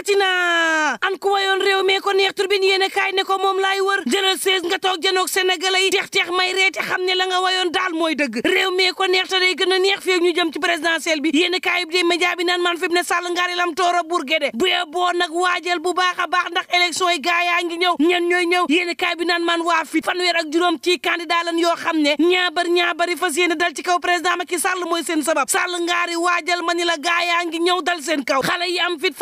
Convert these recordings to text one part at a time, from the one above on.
yëkkati na an ku wayoon réew mee ko neex turbine yéen a kaay ne ko moom laay wër jëlal sees nga toog janoog sénégalais yi teex teex may reete xam ne la nga wayoon daal mooy dëgg réew mee ko neex te day gën a neex fii ñu jëm ci présidentielle bi yéen a kaay man fi ne sàll ngaari lam toora bur gede bu boo nag waajal bu baax a baax ndax élection yi gaa yaa ngi ñëw ñen ñooy ñëw yéen a kaay bi naan man waa fi fanweer ak juróom ci candidat lan yoo xam ne ñaabar ñaabari fas yéene dal ci kaw président Macky Sall mooy seen sabab sàll ngaari waajal ma ni la gaa yaa ngi ñëw dal seen kaw xale am fit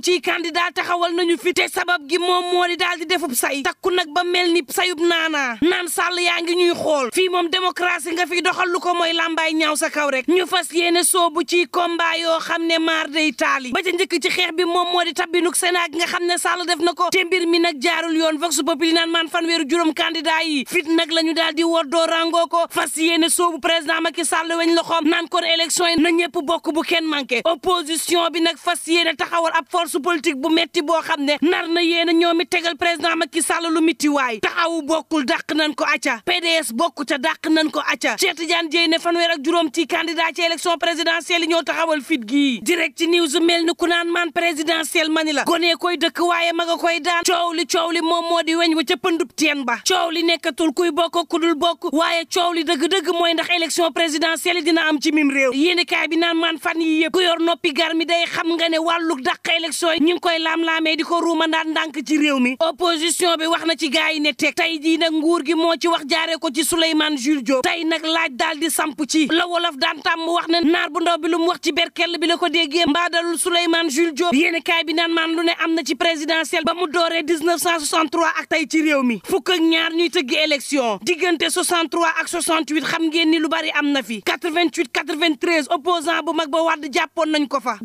jëm ciy candidat taxawal nañu fi te sabab gi moom moo di daal di defub say takku nag ba mel ni sayu sayub naanaa naan sàll yaa ngi ñuy xool fii moom démocratie nga fi doxal lu ko mooy làmbaay ñaaw sa kaw rek ñu fas yéene soobu ci combat yoo xam ne maar day taali ba ca njëkk ci xeex bi moom moo di tabbinuk Sénat nga xam ne sàll def na ko te mbir mi nag jaarul yoon vox populi naan maan fanweeru juróom candidat yi fit nag la ñu daal di woddoo rangoo ko fas yéene soobu président Macky Sall weñ loxoom naan kon élection yi na ñëpp bokk bu kenn manqué opposition bi nag fas yéene taxawal ab force violence politique bu metti boo xam ne nar na yéen a i tegal président Macky Sall lu ti waay taxawu bokkul dàq nañ ko acca PDS bokku ca dàq nañ ko acca Cheikh Tidiane Dièye ne fanweer ak juróom ci candidat ci élection présidentielle yi ñoo taxawal fit gii direct ci news mel ni ku naan maan présidentielle mani la gonee koy dëkk waaye ma nga koy daan coow li coow li moom moo di weñ wa ca pëndub teen ba coow li nekkatul kuy bokk ku dul bokk waaye coow li dëgg-dëgg mooy ndax élection présidentielle dina am ci mim réew yéeni kaay bi naan fan yi yëpp ku noppi gar mi day xam nga ne wàlluk dàq sooy ñu ngi koy laam-laamee di ko ruumandaat ndànk ci réew mi opposition bi wax na ci gars yi ne teg tey jii nag nguur gi moo ci wax jaaree ko ci Souleymane Jules Diop tey nag laaj daal di samp ci la wolof daan tàmm wax na naar bu ndaw bi lu mu wax ci berkell bi la ko déggee mbaadalul Souleymane Jules Diop yéeni kaay bi naan maan lu ne am na ci présidentielle ba mu dooree 1963 ak tey ci réew mi fukk ak ñaar ñuy tëgg élection diggante 63 ak 68 xam ngeen ni lu bari am na fi 88 93 opposant bu mag ba wàdd jàppoon nañ ko fa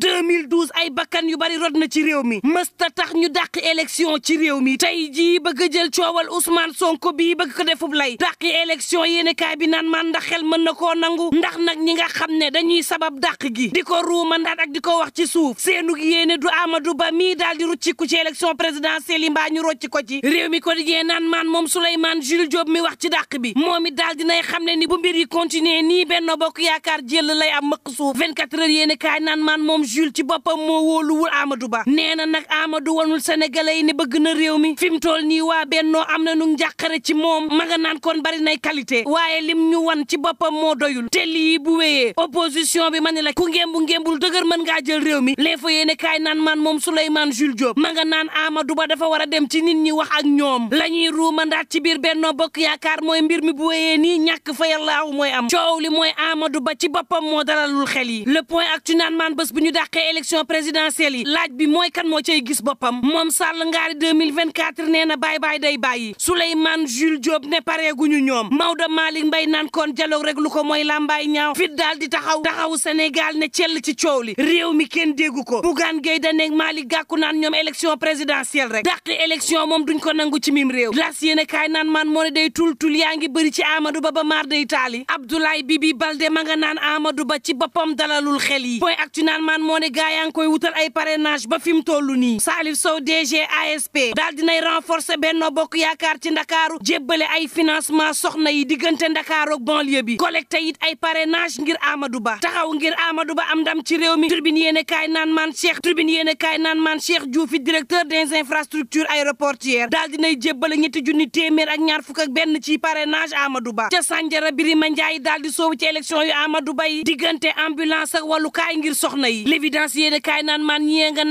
ay bakkan yu bari rod na na ci réew mi mësta tax ñu dàq élection ci réew mi tey jii bëgg a jël coowal Ousmane Sonko bii bëgg ko defub lay dàq élection yéene kaay bi naan man ndax xel mën na koo nangu ndax nag ñi nga xam ne dañuy sabab dàq gi di ko ruuma ndaat ak di ko wax ci suuf seenug yéene du Amadou Ba mii daal di rucciku ci élection présidentielle yi mbaa ñu rocci ko ci réew mi quotidien naan maan moom Souleymane Jules Diop mi wax ci dàq bi moom it di dinay xam ne ni bu mbir yi continuer nii Benno Bokk Yaakaar jël lay am mëq suuf 24 heures yéene kaay naan moom Jules ci boppam moo wóoluwul Amadou ba nee na nag Amadou wanul sénégalais yi ne bëgg na réew mi fi mu tool nii waa bennoo am na nu njàqare ci moom ma naan kon bari nay qualité waaye lim ñu wan ci boppam moo doyul te lii bu wéyee opposition bi ma ne la ku ngémbu ngémbul dëgër mën ngaa jël réew mi les fa yéene naan man moom Souleymane Jules Diop ma nga naan Amadou Ba dafa war a dem ci nit ñi wax ak ñoom la ñuy ruumandaat ci biir bennoo bokk yaakaar mooy mbir mi bu wéyee nii ñàkk fa yàlla aw mooy am coow li mooy Amadou Ba ci boppam moo dalalul xel yi le point ak ci naan man bés bu ñu dàqee élection présidentielle yi mooy kan moo cey gis boppam moom Sall Ngaari 2024 nee na bàyyi bàyyi day bàyyi Souleymane Jules Diop ne pareeguñu ñoom Maodo Malick Mbaye naan koon dialogue rek lu ko mooy làmbaay ñaaw fit daal di taxaw taxaw Sénégal ne cell ci coow li réew mi kenn déggu ko Bougane Gueye Dany ak Malick Gakou naan ñoom élection présidentielle rek dàq élection moom duñ ko nangu ci mim réew las yéen kaay naan man moo ne day tultul yaa ngi bëri ci amadu Ba ba maar day taali Abdoulaye Bibi Balde ma nga naan Ba ci boppam dalalul xel yi point actu naan man moo ne yaa ngi koy wutal ay parrainage ba fi mu toll nii Salif Sow DG ASP daal dinay renforcer Benno Bokk Yaakaar ci Ndakaaru jébbale ay financement soxna yi diggante Ndakaaru ak bi collecté it ay parrainage ngir Amadou Ba taxaw ngir Amadou Ba am ndam ci réew mi Tribune yéen kaay naan man Cheikh Tribune yéen kaay naan man Cheikh Diouf directeur des infrastructures aéroportières daal dinay jébbale ñetti junni téeméer ak ñaar fukk ak benn ci parrainage Amadou Ba ca Sandiara Birima Ndiaye daal di soobu ci élection yu Amadou Ba yi diggante ambulance ak wàllukaay ngir soxna yi l'évidence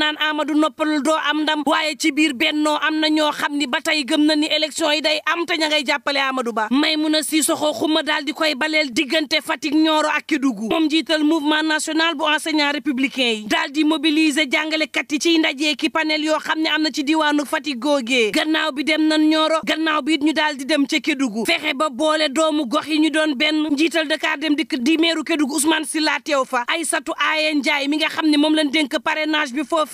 naan Amadou noppalul doo am ndam waaye ci biir bennoo am na ñoo xam ni ba tey gëm na ni élection yi day am taña ngay jàppale Amadou Ba Maimouna Sissoko Khouma daal di koy baleel diggante Fatick Nioro ak Kédougou moom jiital mouvement national bu enseignant républicain yi daal di mobiliser jàngalekat yi ci ndaje ki panel yoo xam ne am na ci diwaanu Fatick googee gannaaw bi dem na ñooro gannaaw bi it ñu daal di dem ca Kédougou fexe ba boole doomu gox yi ñu doon benn njiital Dakar dem dikk di meeru Kédougou Ousmane Sylla teew fa Aïssatou Aye Ndiaye mi nga xam ne moom lañ dénk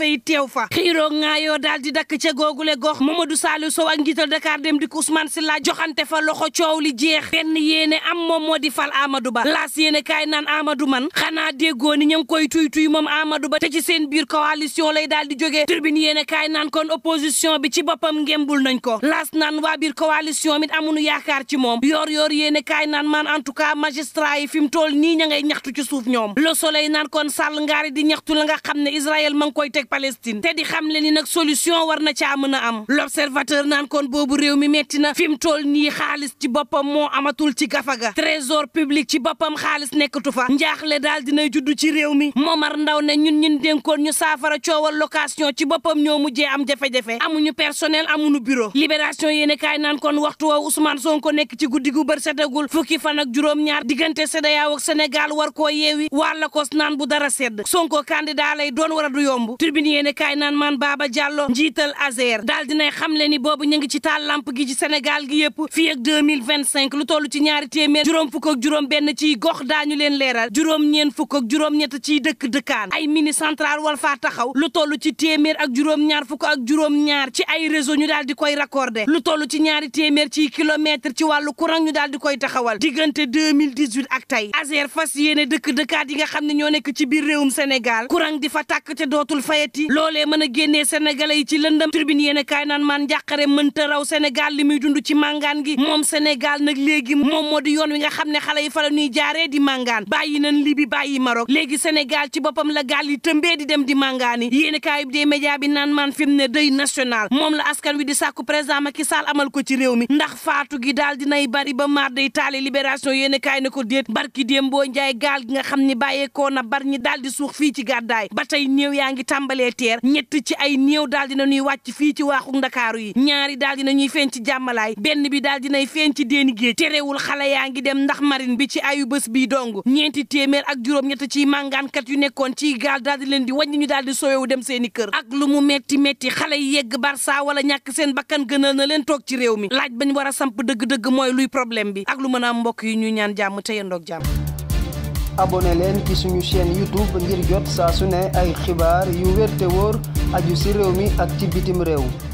kilifa yi teew fa xiiroo ngaayoo daal di dakk ca le gox Mamadou Saliou Sow ak njiital Dakar dem di Ousmane Sylla joxante fa loxo coow li jeex benn yéene am moom moo di fal Amadou Ba laas yéene kaay naan Amadou man xanaa déggoo ni ña ngi koy tuy tuy moom Amadou Ba te ci seen biir coalition lay daal di jógee turbine yéene kaay naan kon opposition bi ci boppam ngembul nañ ko laas naan waa biir coalition mit amunu yaakaar ci moom yoor yoor yéene kaay naan man en tout cas magistrat yi fi mu toll nii ña ngay ñaxtu ci suuf ñoom Le Soleil naan kon sàll ngaari di ñaxtu la nga xam ne Israël ma ngi koy teg Palestine te di xam le ni nag solution war na caa mën a am l'observateur naan kon boobu réew mi metti na fi mu toll nii xaalis ci boppam moo amatul ci gafaga trésor public ci boppam xaalis nekkatu fa njaaxle daal dinay juddu ci réew mi Momar Ndaw ne ñun ñun dénkoon ñu saafara coowal location ci boppam ñoo mujjee am jafe-jafe amuñu personnel amuñu bureau libération yéene kaay naan kon waxtu woowu Ousmane Sonko nekk ci guddi gu bër setagul fukki fan ak juróom-ñaar diggante CEDEAO ak war koo yeewi wàlla kos naan bu dara sedd Sonko candidat lay doon du yomb turbine yéene kaay naan maan Baba Diallo njiital ASER daal dinay xamle ni boobu ñu ngi ci taal lamp gi ci Sénégal gi yëpp fii vingt 2025 lu toll ci ñaari téeméer juróom fukk ak juróom benn ci gox daañu leen leeral juróom ñeen fukk ak juróom ñett ciy dëkk dëkkaan ay mini central wal faa taxaw lu toll ci téeméer ak juróom ñaar fukk ak juróom ñaar ci ay réseau ñu daal di koy raccordé lu toll ci ñaari téeméer ci kilomètre ci wàllu courant ñu daal di koy taxawal diggante 2018 ak tey ASER fas yéene dëkk dëkkaat yi nga xam ne ñoo nekk ci biir réewum Sénégal courant di fa te dootul fayet métti loolee mën a génnee sénégalais yi ci lëndëm tribune yéen a kaay naan maan njàqare mënta raw sénégal li muy dund ci màngaan gi moom sénégal nag léegi moom moo di yoon wi nga xam ne xale yi fa la jaaree di màngaan bàyyi nañ libi bàyyi Maroc léegi sénégal ci boppam la gaal yi tëmbee di dem di màngaani yéen a kaay dee média bi naan maan fi mu ne deuil national moom la askan wi di sàkku président Macky Sall amal ko ci réew mi ndax faatu gi daal dinay bari ba maar day taale libération yéen kaay na ko déet barki déem boo njaay gaal gi nga xam ni bàyyeekoo na bar ñi daal di suux fii ci gàddaay ba tey yaa ngi tàmbale tàmbalee teer ñett ci ay néew daal dina ñuy wàcc fii ci waaxu ndakaaru yi ñaari daal na ñuy feeñ ci jàmmalaay benn bi daal dinay feeñ ci déeni géej terewul xale a ngi dem ndax marin bi ci ayu bés bii dong ñeenti téeméer ak juróom-ñett ciy màngaankat yu nekkoon ci gaal daal di leen di wàññi ñu daal di sowewu dem seeni kër ak lu mu metti metti xale yi yegg barsa wala ñàkk seen bakkan gënal na leen toog ci réew mi laaj bañ war a samp dëgg-dëgg mooy luy problème bi ak lu mën a mbokk yi ñu ñaan jàmm te yendoog jàmm abonné leen ki suñu chaîne YouTube ngir jot saa su ne ay xibaar yu wér te wóor aju ci réew mi ak ci bitim réew